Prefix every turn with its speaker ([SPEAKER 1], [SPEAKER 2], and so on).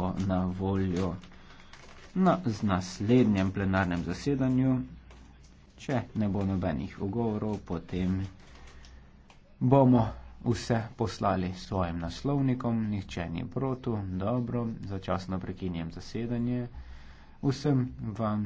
[SPEAKER 1] bo na voljo na z naslednjem plenarnem zasedanju. Če ne bo nobenih ugovorov, potem bomo vse poslali svojim naslovnikom, nihče ni proti, dobro, začasno prekinjam zasedanje. Vsem vam.